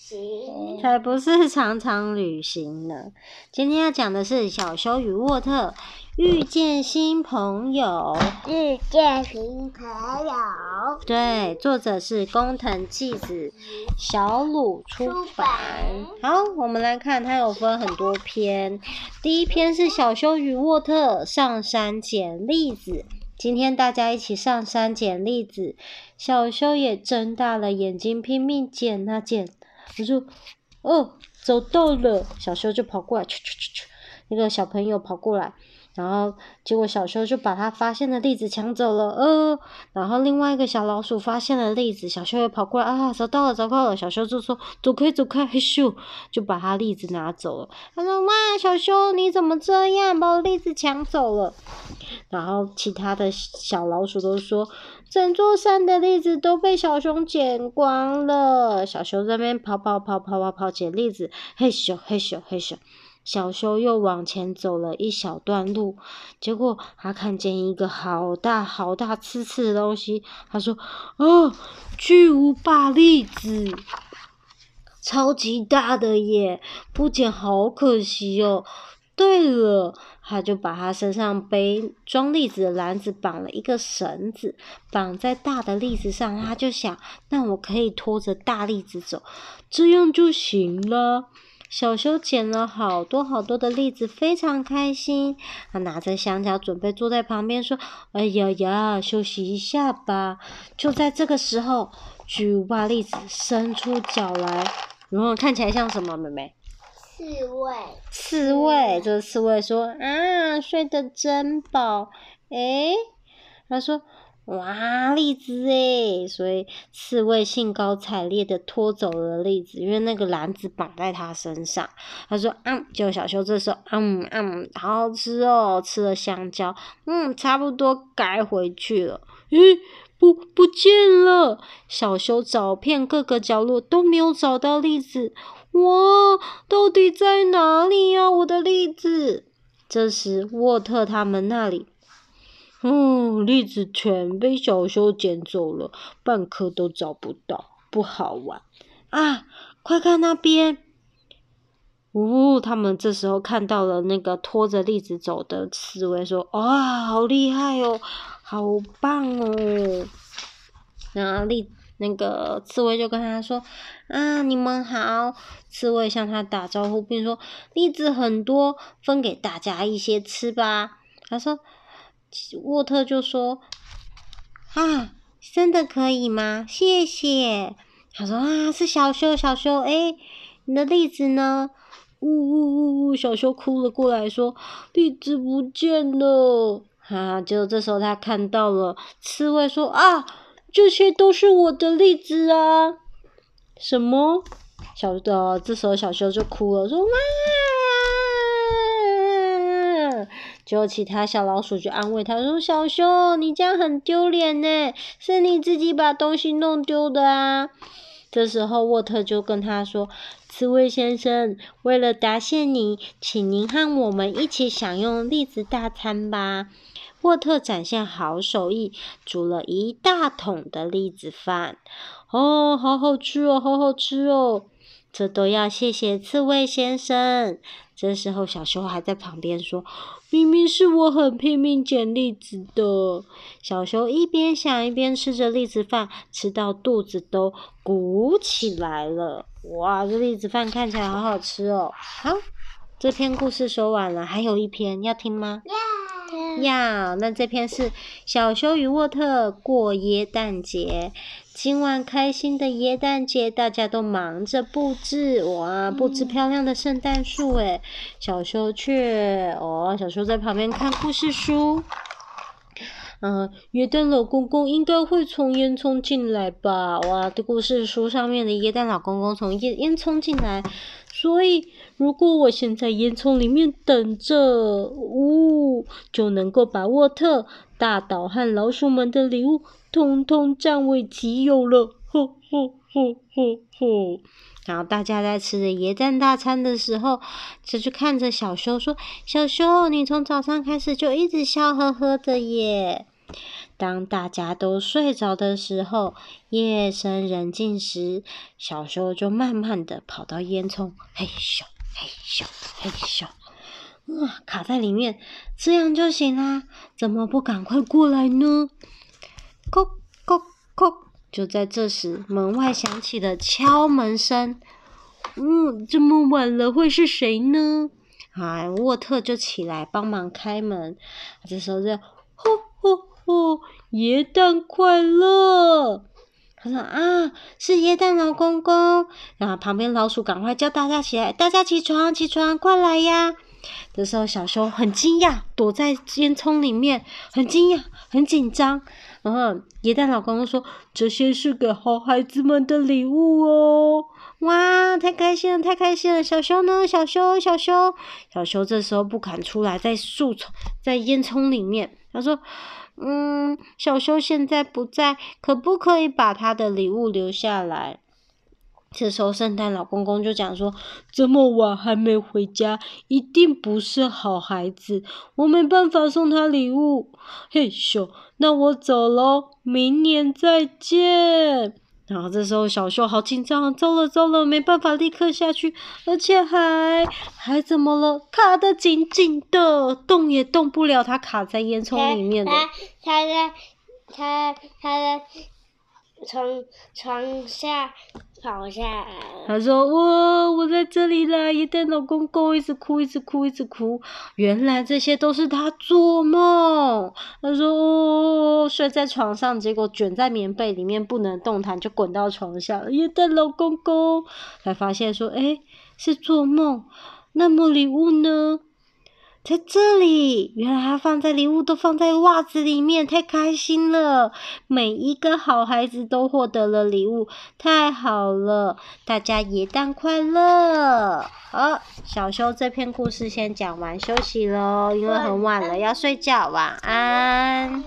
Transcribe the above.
行，才不是常常旅行呢。今天要講的是《小修與沃特遇見新朋友》，遇見新朋友。對，作者是工藤紀子，小魯出版。好，我們來看，它有分很多篇。第一篇是小修與沃特上山撿栗子。今天大家一起上山撿栗子，小修也睜大了眼睛，拼命撿啊撿。我就，哦，走到了，小修就跑過來，去去去去，那個小朋友跑過來。然後，結果小修就把他發現的栗子搶走了，呃，然後另外一個小老鼠發現了栗子，小修也跑過來，啊，找到了，找到了，小修就說走開，走開，嘿咻，就把他栗子拿走了。他說哇、啊，小修你怎麼這樣，把我栗子搶走了？然後其他的小老鼠都說，整座山的栗子都被小熊撿光了。小熊這邊跑跑跑跑跑跑撿栗子，嘿咻嘿咻嘿咻。嘿咻小修又往前走了一小段路，結果他看見一個好大好大刺刺的東西。他說：“啊，巨無霸栗子，超級大的耶！不撿好可惜哦。”對了，他就把他身上背裝栗子的籃子綁了一個繩子，綁在大的栗子上。他就想：“那我可以拖着大栗子走，這樣就行了。”小修撿了好多好多的栗子，非常開心。他拿着香蕉，準備坐在旁邊說：“哎呀呀，休息一下吧。”就在這個時候，巨無霸栗子伸出腳來，然後看起來像什麼？妹妹？刺蝟蟻。刺蝟，這、就是、刺蝟說：“嗯、啊，睡得真飽。欸”哎，他說。哇，栗子誒，所以刺蝟興高采烈的拖走了栗子，因為那個籃子綁在它身上。他說：“嗯，就小修，這時候嗯嗯，好好吃哦，吃了香蕉，嗯，差不多該回去了。嗯”咦，不，不見了！小修找遍各個角落都沒有找到栗子。哇，到底在哪裡呀？啊？我的栗子，這時沃特他們那裡。嗯，栗子全被小修撿走了，半顆都找不到，不好玩啊！快看那邊！哦，他們這時候看到了那個拖着栗子走的刺蝟，說：“啊、哦，好厲害哦，好棒哦！”然後栗那個刺蝟就跟他說：“啊，你們好！”刺蝟向他打招呼，並說：“栗子很多，分給大家一些吃吧。”他說。沃特就說：“啊，真的可以嗎？謝謝。”他說：“啊，是小修，小修，哎、欸，你的栗子呢？”嗚嗚嗚嗚，小修哭了，過來說：“栗子不見了。”哈哈，就這時候他看到了刺蝟，說：“啊，這些都是我的栗子啊！”什麼？小的、呃，這時候小修就哭了，說：“媽、啊！”就其他小老鼠就安慰他說：“小修，你這樣很丟臉呢，是你自己把東西弄丟的啊。”這時候，沃特就跟他說：“刺蝟先生，為了答謝你，請您和我們一起享用栗子大餐吧。”沃特展現好手藝，煮了一大桶的栗子飯。哦，好好吃哦，好好吃哦。這都要謝謝刺蝟先生。這時候，小熊還在旁邊說：“明明是我很拼命撿栗子的。”小熊一邊想，一邊吃着栗子飯，吃到肚子都鼓起來了。哇，這栗子飯看起來好好吃哦！好，這篇故事說完了，還有一篇要聽嗎？呀，yeah，那這篇是小修與沃特過耶誕節。今晚開心的耶誕節，大家都忙着佈置，哇，佈置漂亮的聖誕樹哎。小修卻，哦，小修在旁邊看故事書。嗯，耶誕、呃、老公公應該會從煙囪進來吧？哇，這故事書上面的耶誕老公公從煙煙囪進來，所以如果我先在煙囪裡面等着，嗚、哦，就能夠把沃特、大島和老鼠們的禮物通通佔為己有了！吼吼吼吼吼！然後大家在吃着野戰大餐的時候，就去看着小修說：“小修，你從早上開始就一直笑呵呵的耶。”當大家都睡着的時候，夜深人靜時，小修就慢慢的跑到煙囪，嘿咻嘿咻嘿咻，嘿咻，哇，卡在裡面，這樣就行啦，啊，怎麼不趕快過來呢？Go! 就在這時，門外響起了敲門聲。嗯，這麼晚了，會是誰呢？好，沃特就起來幫忙開門。這時候就，這，呼呼呼，耶誕快樂！他說啊，是耶誕老公公。然後旁邊老鼠趕快叫大家起來，大家起床，起床，快來呀！這時候小熊很驚訝，躲在煙囪裡面，很驚訝，很緊張。然後，耶誕、嗯、老公公說：“這些是給好孩子們的禮物哦！”哇，太開心了，太開心了！小修呢？小修，小修，小修，這時候不敢出來，在樹叢，在煙囪裡面。他說：“嗯，小修現在不在，可不可以把他的禮物留下來？”這時候，聖誕老公公就講說：“這麼晚還沒回家，一定不是好孩子。我沒辦法送他禮物。嘿、hey, 咻，那我走嘍，明年再見。”然後這時候，小修好緊張，糟了糟了，沒辦法立刻下去，而且還還怎麼了？卡得緊緊的，動也動不了。他卡在煙囪裡面的，他在他他在床床下。跑下，好像他說：“哦，我在這裡啦！”耶誕老公公一直哭，一直哭，一直哭。原來這些都是他做夢。他說：“哦，睡在床上，結果捲在棉被裡面不能動彈，就滾到床上，耶誕老公公才發現說：“哎、欸，是做夢。”那麼禮物呢？在這裡，原來他放在禮物都放在襪子裡面，太開心了！每一個好孩子都獲得了禮物，太好了！大家耶誕快樂！好，小修這篇故事先講完，休息嘍，因為很晚了，要睡覺，晚安。